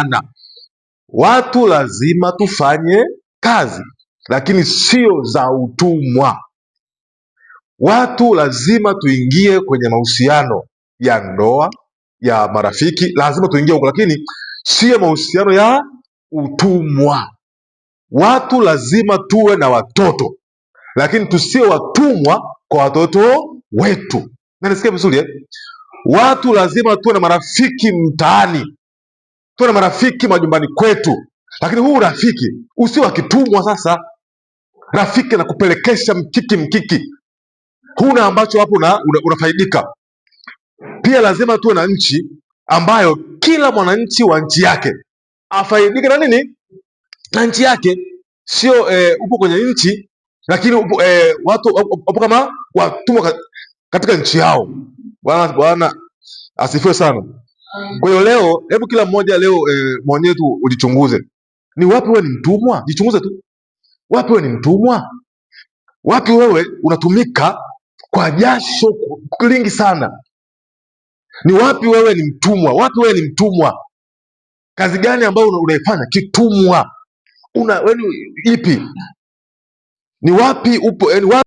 Ana watu lazima tufanye kazi, lakini sio za utumwa. Watu lazima tuingie kwenye mahusiano ya ndoa, ya marafiki, lazima tuingie huko, lakini sio mahusiano ya utumwa. Watu lazima tuwe na watoto, lakini tusiwe watumwa kwa watoto wetu. Nanisikia vizuri eh? Watu lazima tuwe na marafiki mtaani, tuwe na marafiki majumbani kwetu, lakini huu rafiki usio wakitumwa kitumwa. Sasa rafiki na kupelekesha mkiki mkiki, huna ambacho hapo una, unafaidika. Pia lazima tuwe na nchi ambayo kila mwananchi wa nchi yake afaidike na nini, na nchi yake, sio eh, upo kwenye nchi lakini upo, eh, watu wapo kama watumwa katika nchi yao. Bwana asifiwe sana. Kwa hiyo leo, hebu kila mmoja leo e, eh, mwenyewe tu ujichunguze, ni wapi wewe ni mtumwa? Jichunguze tu, wapi wewe ni mtumwa? Wapi wewe unatumika kwa jasho lingi sana? Ni wapi wewe ni mtumwa? Wapi wewe ni mtumwa? Kazi gani ambayo unaifanya kitumwa? Una yaani, ipi? Ni wapi upo? ni yaani, wapi